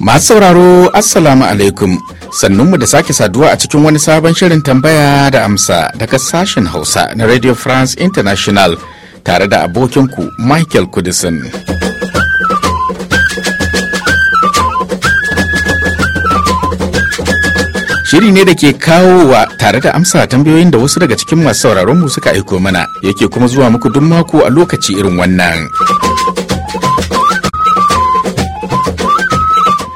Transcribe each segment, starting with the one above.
Masu sauraro Assalamu alaikum sannunmu da sake saduwa a cikin wani sabon shirin tambaya da amsa daga sashen Hausa na Radio France International tare da abokinku Michael Kudisin. Shiri ne da ke kawo wa tare da amsa tambayoyin da wasu daga cikin masu sauraron mu suka aiko mana yake kuma zuwa muku duk mako a lokaci irin wannan.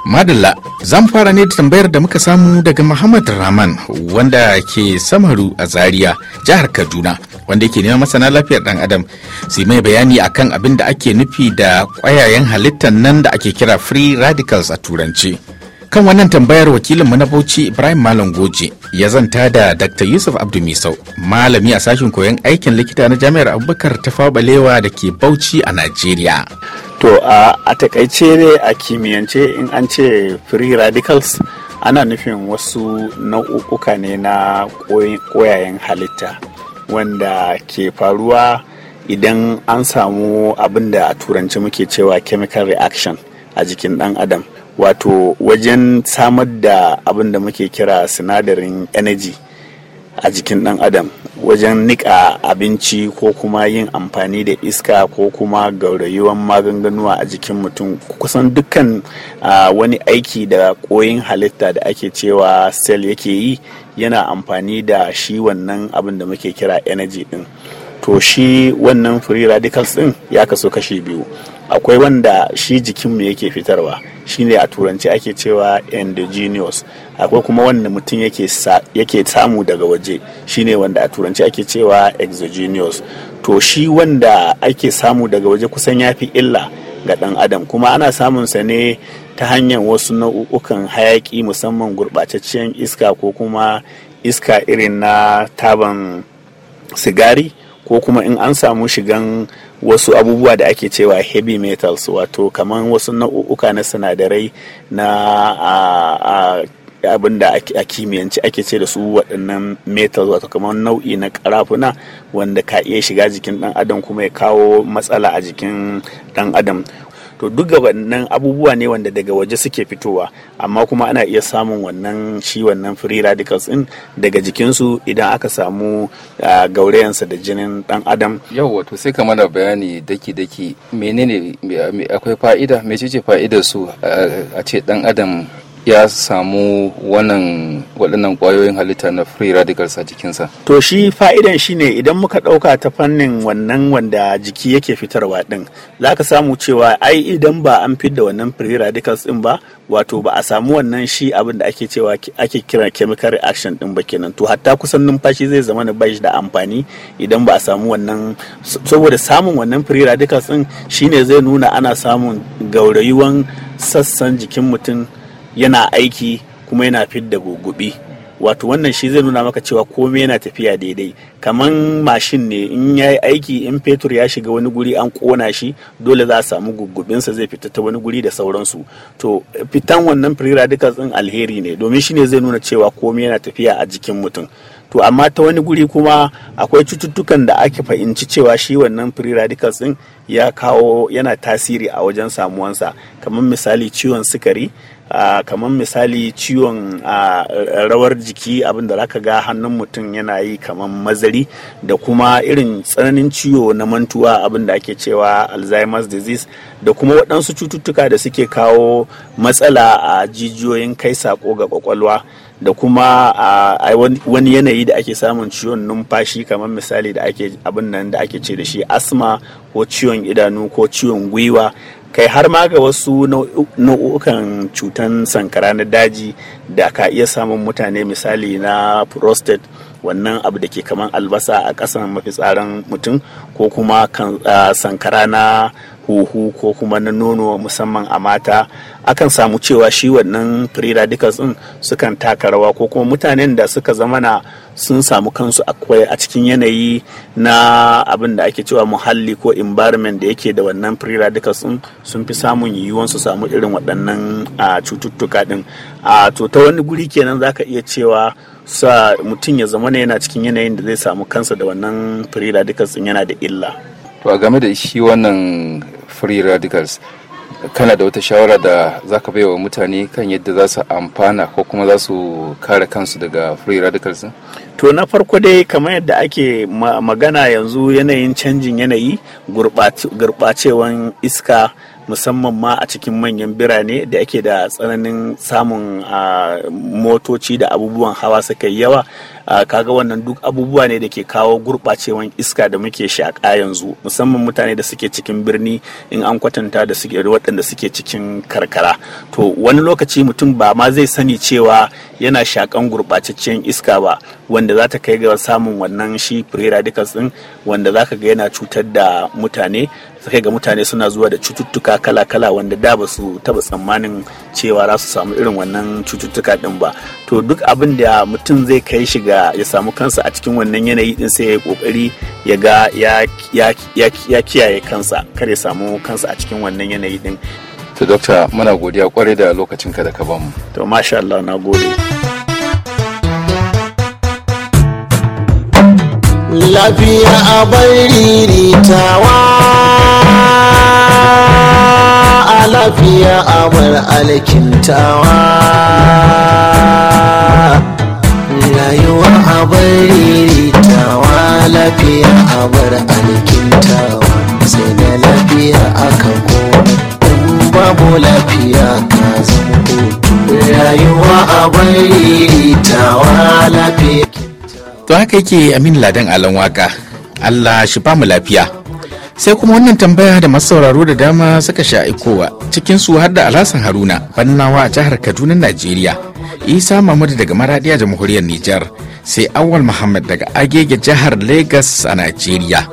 Madalla zan fara ne da tambayar da muka samu daga Muhammad Rahman wanda ke Samaru a Zaria, jihar Kaduna, wanda yake neman masana lafiyar dan Adam. Sai mai bayani akan abin da ake nufi da kwayayen halittar nan da ake kira free radicals a turanci. kan wannan tambayar wakilin mu na bauchi ibrahim malam goje ya zanta da dr yusuf abdu misau malami a sashen koyon aikin likita na jami'ar abubakar ta fabalewa da ke bauchi a najeriya to a takaice ne a kimiyyance in an ce free radicals ana nufin wasu nau'uka ne na koyayen halitta wanda ke faruwa idan an samu abin da a turanci muke cewa chemical reaction a jikin dan adam wato wajen samar da abin da muke kira sinadarin energy a jikin ɗan adam wajen niƙa abinci ko kuma yin amfani da iska ko kuma gaurayuwan maganganuwa a jikin mutum kusan dukkan wani aiki da koyin halitta da ake cewa sel yake yi yana amfani da shi wannan abin da muke kira energy ɗin. to shi wannan free radicals din ya kaso kashi biyu akwai wanda shi jikinmu yake fitarwa shine a turanci ake cewa endogenous akwai kuma wanda mutum yake samu daga waje shine wanda a turanci ake cewa exogenous to shi wanda ake samu daga waje kusan ya fi illa ga ɗan adam kuma ana samunsa ne ta hanyar wasu nau'ukan hayaki musamman gurɓataccen iska ko kuma iska irin na taban sigari ko kuma in an samu shigan wasu abubuwa da ake cewa heavy metals wato kamar wasu nau'uka na sinadarai na a, abin da a kimiyyanci ake ce da su waɗannan metals wato kamar nau'i na karafuna wanda ka iya shiga jikin ɗan adam kuma ya kawo matsala a jikin ɗan adam to duk wannan abubuwa ne wanda daga waje suke fitowa amma kuma ana iya samun wannan shi wannan free radicals din daga jikinsu idan aka samu gaurayansa da jinin dan adam yau wato sai ka mana bayani daki-daki menene akwai fa'ida ce fa'idar su a ce dan adam ya samu wannan waɗannan ƙwayoyin halitta na free radicals a jikinsa. To shi fa'idan shi ne idan muka ɗauka ta fannin wannan wanda jiki yake fitarwa ɗin za ka samu cewa ai idan ba an da wannan free radicals ɗin ba wato ba a samu wannan shi abin da ake cewa ake kira chemical reaction ɗin ba kenan to hatta kusan numfashi zai zama ba shi da amfani idan ba a samu wannan saboda samun wannan free radicals ɗin shine zai nuna ana samun gaurayuwan sassan jikin mutum yana aiki kuma yana fidda gugubi wato wannan shi zai nuna maka cewa komai yana tafiya daidai kaman mashin ne in ya yi aiki in fetur ya shiga wani guri an kona shi dole za a samu gugubinsa zai fita ta wani guri da sauransu to fitan wannan free radicals din alheri ne domin shi ne zai nuna cewa komai yana tafiya a jikin mutum to amma ta wani guri kuma akwai cututtukan da ake fahimci cewa shi wannan free radicals din ya kawo yana tasiri a wajen samuwansa kamar misali ciwon sukari kamar misali ciwon rawar jiki abinda da zaka ga hannun mutum yana yi kamar mazari da kuma irin tsananin ciwo na mantuwa abin da ake cewa alzheimer's disease da kuma waɗansu cututtuka da suke kawo matsala a jijiyoyin kai sako ga kwakwalwa da kuma a wani yanayi da ake samun ciwon numfashi kamar misali da ake abin nan da ake ce da shi asma ko ciwon idanu ko ciwon gwiwa kai har ma ga wasu nau'ukan cutan sankara na daji da ka iya samun mutane misali na prostate wannan abu da ke kaman albasa a ƙasan tsarin mutum ko kuma ah, sankara na huhu ko kuma na nono musamman a mata akan samu cewa shi wannan free radicals din sukan taka rawa ko kuma mutanen da suka zamana sun samu kansu akwai a cikin yanayi na abin da ake cewa muhalli ko environment da yake da wannan free radicals din sun fi samun yiwuwan su samu irin waɗannan cututtuka din a to ta wani guri kenan zaka iya cewa sa mutum ya zama yana cikin yanayin da zai samu kansa da wannan free radicals din yana da illa to a game da shi wannan free radicals kana da wata shawara da za ka baiwa mutane kan yadda za su amfana ko kuma za su kare kansu daga free radicals to na farko dai kamar yadda ake magana yanzu yanayin canjin yanayi gurɓacewan iska musamman ma a cikin manyan birane da ake da tsananin samun motoci da abubuwan hawa suka yi yawa kaga wannan duk abubuwa ne da ke kawo gurɓacewan iska da muke shaƙa yanzu musamman mutane da suke cikin birni in an kwatanta da suke waɗanda suke cikin karkara to wani lokaci mutum ba ma zai sani cewa yana shaƙan gurɓataccen iska ba wanda za ta kai ga samun wannan shi free radicals ɗin wanda za ka ga yana cutar da mutane sai ga mutane suna zuwa da cututtuka kala-kala wanda da ba su taba tsammanin cewa za su samu irin wannan cututtuka din ba to duk abin da mutum zai kai shi ga ya samu kansa a cikin wannan yanayi din sai ya kokari ya ga ya kiyaye kansa kar ya samu kansa a cikin wannan yanayi din to dokta muna godiya kwarai da lokacin ka da ka bamu to masha Allah na gode lafiya a bari riritawa lafiya a bar alkintawa rayuwa a bar lafiya a bar alkintawa sai da lafiya aka kowa in babu lafiya ka zama rayuwa a bar lafiya to haka yake amin ladan alan waka Allah shi ba mu lafiya sai kuma wannan tambaya da masu sauraro da dama suka sha kowa cikin su har da alhassan haruna bannawa a jihar kaduna najeriya isa mamadu daga maradiya a jamhuriyar nijar sai awal muhammad daga agege jihar lagos a najeriya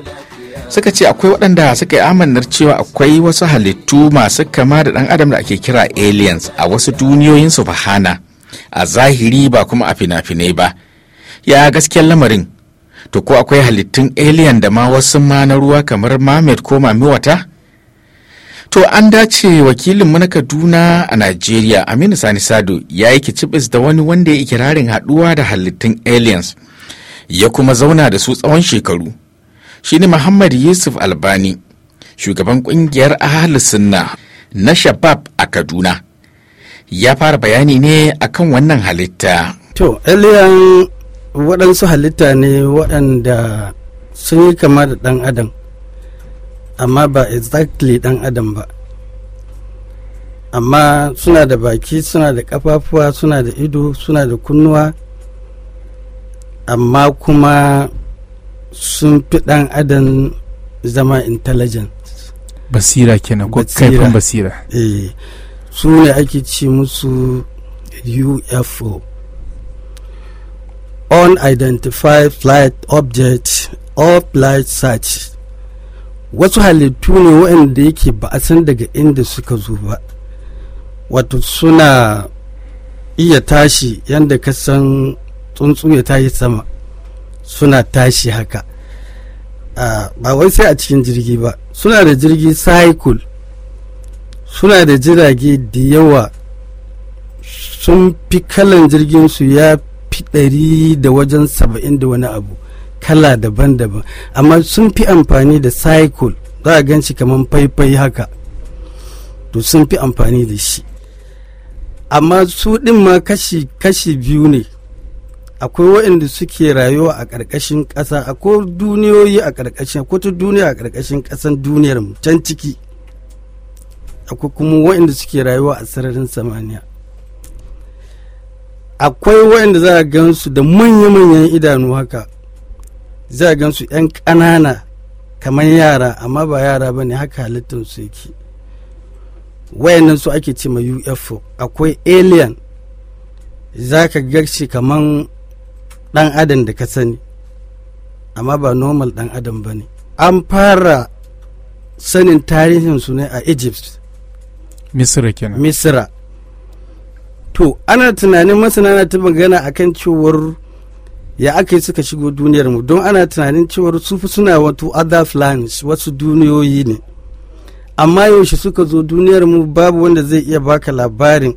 suka ce akwai waɗanda suka yi amannar cewa akwai wasu halittu masu kama da ɗan adam da ake kira aliens a wasu duniyoyin su fahana a zahiri ba kuma a fina-finai ba ya gaskiyar lamarin to ko akwai halittun alien da ma wasu ma na ruwa kamar mamet ko mamiwata to an dace wakilinmu na kaduna a najeriya aminu sani sado ya yi kicibis da wani wanda ya ikirarin haɗuwa da halittun aliens ya kuma zauna da su tsawon shekaru shine muhammad yusuf albani shugaban ƙungiyar sunna na shabab a kaduna ya fara bayani ne akan wannan halitta to alien waɗansu halitta ne waɗanda sun yi kama da ɗan adam amma ba exactly ɗan adam ba amma suna da baki suna da ƙafafuwa suna da ido suna da kunnuwa amma kuma sun fi ɗan adam zama intelligent basira kenan ko kaifin basira eh su ne ake ce musu ufo unidentified flight object or flight search wasu halittu ne waɗanda yake ba a san daga inda suka zo ba wato suna iya tashi yadda ka san tsuntsu ya tashi sama suna tashi haka ba wai sai a cikin jirgi ba suna da jirgi cycle suna da jirage da yawa sun fi kalan jirgin su ya fi ɗari da wajen saba'in da wani abu kala daban-daban amma sun fi amfani da cycle za a ganci kamar faifai haka to sun fi amfani da shi amma su ɗin ma kashi-kashi biyu ne akwai waɗanda suke rayuwa a ƙarƙashin ƙasa akwai duniyoyi a ƙarƙashin akwai duniya a ƙarƙashin ƙasan duniyar can ciki akwai kuma waɗanda suke rayuwa a sararin samaniya akwai waɗanda za a gansu da manya-manyan idanu haka za a gansu 'yan ƙanana kamar yara amma ba yara ba ne haka su yake wayannan su ake ce ma ufo akwai alien za ka garshe kamar ɗan adam da ka sani amma ba normal ɗan adam ba ne an fara sanin tarihinsu ne a egypt misira kenan misira to ana tunanin masana na ta magana akan cewar ya aka yi suka shigo duniyar mu don ana tunanin cewar su fi suna wato other plans wasu duniyoyi ne amma yaushe suka zo duniyar mu babu wanda zai iya baka labarin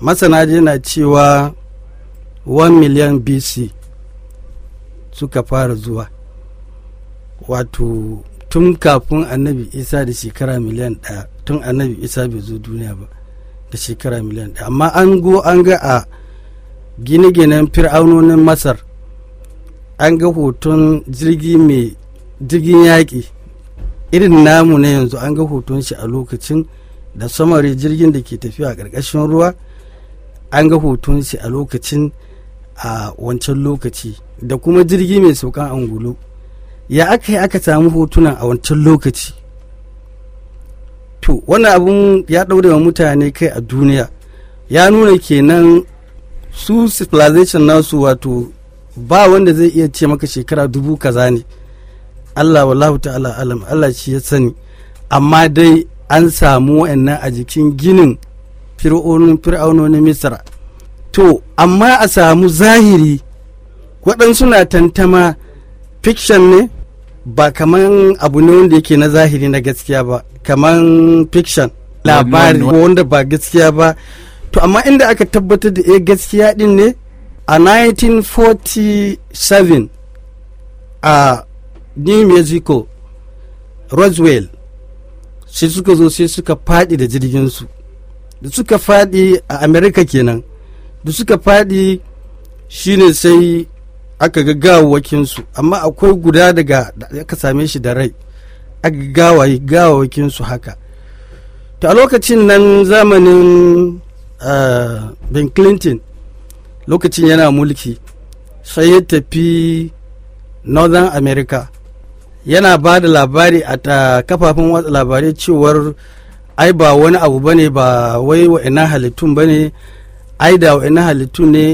masana yana cewa 1 million bc suka fara zuwa wato tun kafin annabi isa da shekara miliyan ɗaya tun annabi isa bai zo duniya ba da shekara miliyan ɗaya amma an go an ga a gine-ginen fir'aunonin masar an ga hoton jirgi mai jirgin yaƙi irin namu na yanzu an ga hoton shi a lokacin da samari jirgin da ke tafiya a ƙarƙashin ruwa an ga hoton shi a lokacin a wancan lokaci da kuma jirgi mai saukan angulo ya aka yi aka samu hotunan a wancan lokaci to wannan abun ya ɗaure wa mutane kai a duniya ya nuna kenan su civilization nasu wato ba wanda zai iya ce maka shekara dubu kaza ne allah wallahu ta'ala alam allah shi ya sani amma dai an samu wa'annan a jikin ginin na misra to amma a samu zahiri waɗansu na tantama fiction ne ba kaman abu ne wanda yake na zahiri na gaskiya ba kaman fiction labari wanda ba gaskiya ba to amma inda aka tabbatar da ya eh, gaskiya din ne a 1947 a new mexico roswell sai suka zo sai suka faɗi da jirginsu da suka faɗi a america kenan da suka faɗi shine sai aka ga gawawakinsu amma akwai guda daga aka same shi da rai aka gawaye gawawakinsu haka to a lokacin nan zamanin uh, ben clinton lokacin yana mulki sai ya tafi northern america yana ba da labari a kafafen watsa labarai cewar ai ba wani abu bane ba wai wa'ina halittun bane ai da wa'ina halittun ne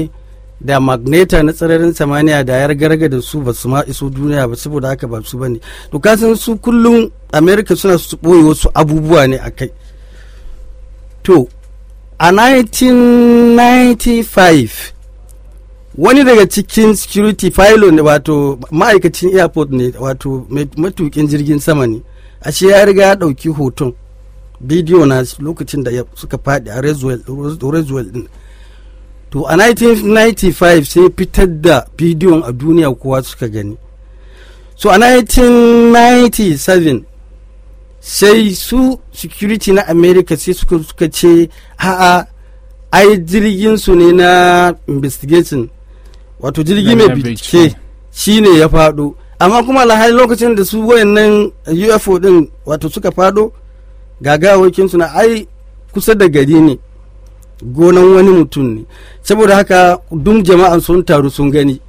da magneta na tsararin samaniya da ya garga da su ba su ma iso duniya ba saboda haka ba su bane to kasan su kullum america suna su boye wasu abubuwa ne a kai to a 1995 wani daga cikin security pilot ne wato ma'aikacin airport ne wato matukin jirgin sama ne ashe ya riga ya dauki hoton bidiyo na lokacin da suka faɗi a roswell din to a 1995 sai fitar da bidiyon a duniya kowa suka gani so a 1997 sai su security na america sai suka suka ce a'a ai jirgin su ne na investigation wato jirgi mai bincike shine ya fado amma kuma alhali lokacin da su wayannan ufo din wato suka fado gagawakin su na ai kusa da gari ne gonan wani mutum ne saboda haka duk jama'an sun taru sun gani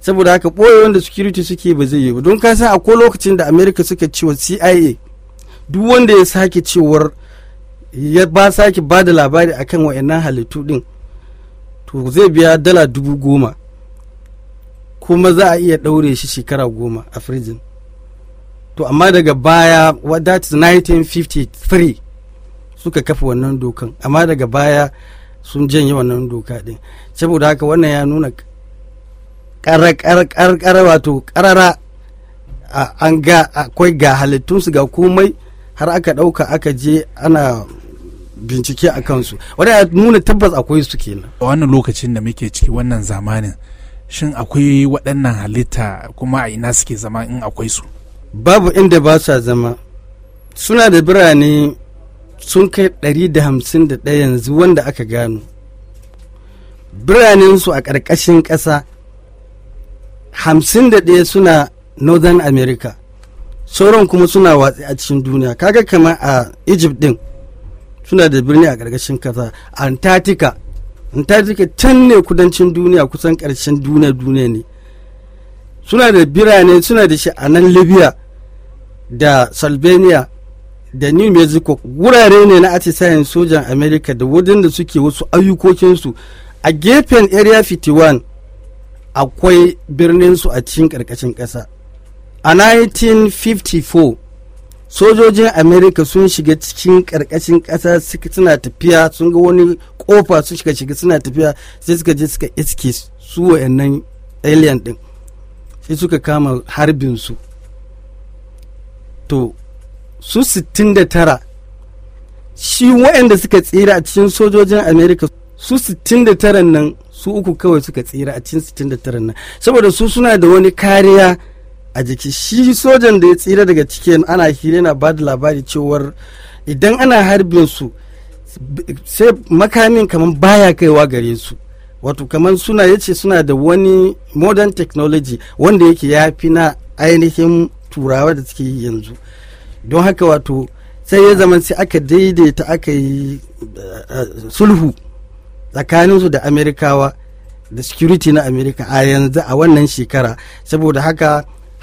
saboda haka ɓoye wanda security suke ba zai yi ba don kasan akwai lokacin da america suka cewa cia duk wanda ya sake cewar ya ba sake ba da labari akan wa'annan halittu din to zai biya dala dubu goma kuma za a iya ɗaure shi shekara goma a firjin to amma daga baya that is 1953 suka kafa wannan dokan amma daga baya sun janye wannan doka din saboda haka wannan ya nuna karar wato karara an ga akwai ga halittun su ga komai har aka ɗauka aka je ana bincike a kansu wanda ya nuna tabbas akwai su kenan a wannan lokacin da muke ciki wannan zamanin shin akwai waɗannan halitta kuma a ina suke zama in akwai su babu inda ba sa zama suna da birane sun kai ɗari da 151 yanzu wanda aka gano biranensu a ƙarƙashin ƙasa 51 suna northern america sauran kuma suna watsi a cikin duniya kaga kamar a egypt din suna da birni a ƙarƙashin ƙasa antarctica antarctica can ne kudancin duniya kusan ƙarshen duniya duniya ne suna da birane suna da shi a nan libya da slovenia da new mexico wurare ne na atisayen sojan america da wajen da suke wasu ayyukokinsu a gefen area 51 akwai birninsu a cikin karkashin kasa. a 1954 sojojin america sun shiga cikin karkashin kasa suna tafiya sun ga wani kofa sun shiga shiga suna tafiya sai suka je suka iske su wa'annan alien din sai suka kama harbin su to su 69 shi waɗanda suka tsira a cikin sojojin america su 69 nan su uku kawai suka tsira a cikin 69 nan saboda su suna da wani kariya a jiki shi sojan da ya tsira daga cikin ana hira na ba da labari cewar idan ana harbin su sai makamin kamar baya kaiwa gare su wato kamar suna yace suna da wani modern technology wanda yake ya fi na ainihin turawa da suke yanzu don haka wato sai ya zama sai aka daidaita aka yi eh, eh, sulhu tsakaninsu da amerikawa da security na amerika a yanzu a wannan shekara saboda haka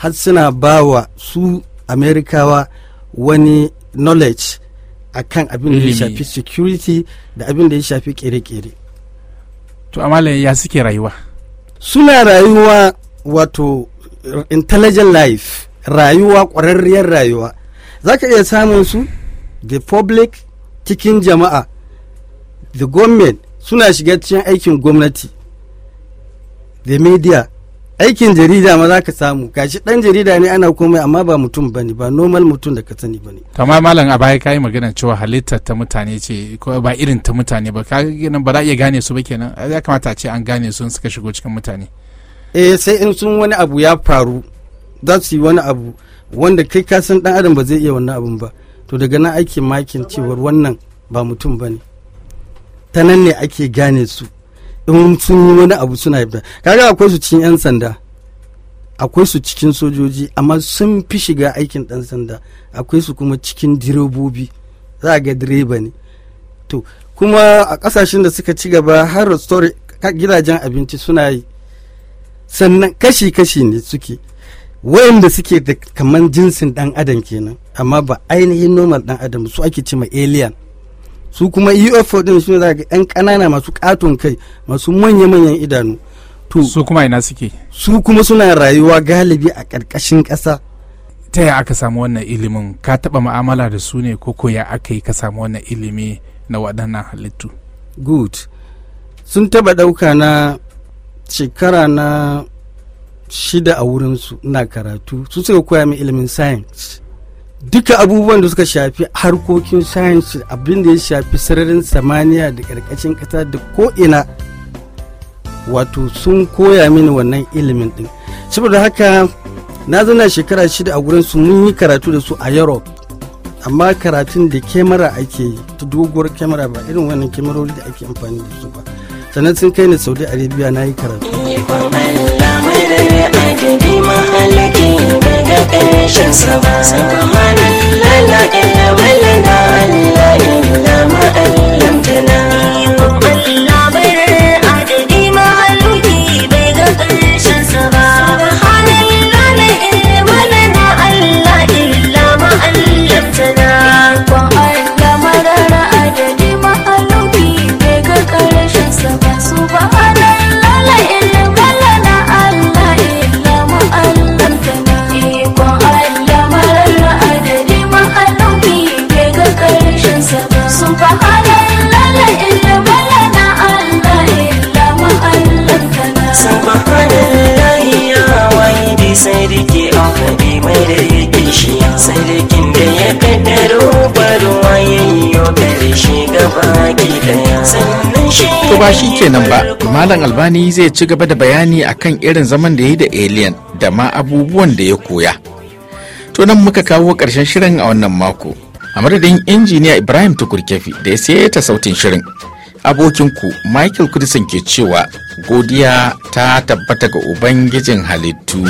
har suna ba wa su amerikawa wani knowledge a kan abin da ya shafi security da abin da ya shafi kere-kere to amma ya suke rayuwa suna rayuwa wato intelligent life rayuwa ƙwararriyar rayuwa za ka iya samun su the public cikin jama'a the government suna shiga cikin aikin gwamnati the media aikin jarida ma za ka samu gashi dan jarida ne ana komai amma ba mutum ba ne ba normal mutum da ka sani ba ne tamam malam a baya kayi magana cewa halittar ta mutane ce ko ba irin ta mutane ba ka ba za a iya gane su ba kenan ya kamata a ce an gane su suka shigo cikin mutane eh sai in sun wani abu ya faru za su yi wani abu wanda kai ka san dan adam ba zai iya wannan abun ba to daga nan ake makin cewar wannan ba mutum ba ne ta nan ne ake gane su in sun yi wani abu suna yi kaga akwai su cikin 'yan sanda akwai su cikin sojoji amma sun fi shiga aikin dan sanda akwai su kuma cikin direbobi za a ga direba ne to kuma a kasashen da suka ci gaba har restaurant gidajen abinci suna yi sannan kashi-kashi ne suke wayanda suke da kaman jinsin dan adam kenan amma ba ainihin normal dan adam su ake ce ma alien su kuma UFO e din su za ga yan kanana masu katon kai masu manya-manyan idanu to su kuma ina suke su kuma suna rayuwa galibi a ƙarƙashin ƙasa ta ya aka samu wannan ilimin ka taba ma'amala da su ne ko ya aka yi ka samu wannan ilimi na waɗannan halittu good sun taɓa ɗauka na shekara na shida a wurinsu na karatu su suka koya min ilimin science duka abubuwan da suka shafi harkokin science abin da ya shafi sararin samaniya da karkashin kasa da ko'ina wato sun koya mini wannan ilimin din saboda haka na zana shekara shida a wurin mun yi karatu da su a europe amma karatun da kyamara ake yi ta doguwar kyamara ba irin wannan kyamarori da ake amfani da su ba sannan sun kai ni saudi arabia na yi karatu gari mahalaki daga ƙarshen sa ba. Subhanallah la ilaha illallah Allah To ba shi kenan ba, Malam Albani zai ci gaba da bayani akan irin zaman da ya yi da Alien da ma abubuwan da ya koya. To nan muka kawo ƙarshen shirin a wannan mako. A madadin injiniya Ibrahim Tukurkefi da ya saita sautin shirin. abokin ku Michael Kudisin ke cewa godiya ta tabbata ga Ubangijin halittu.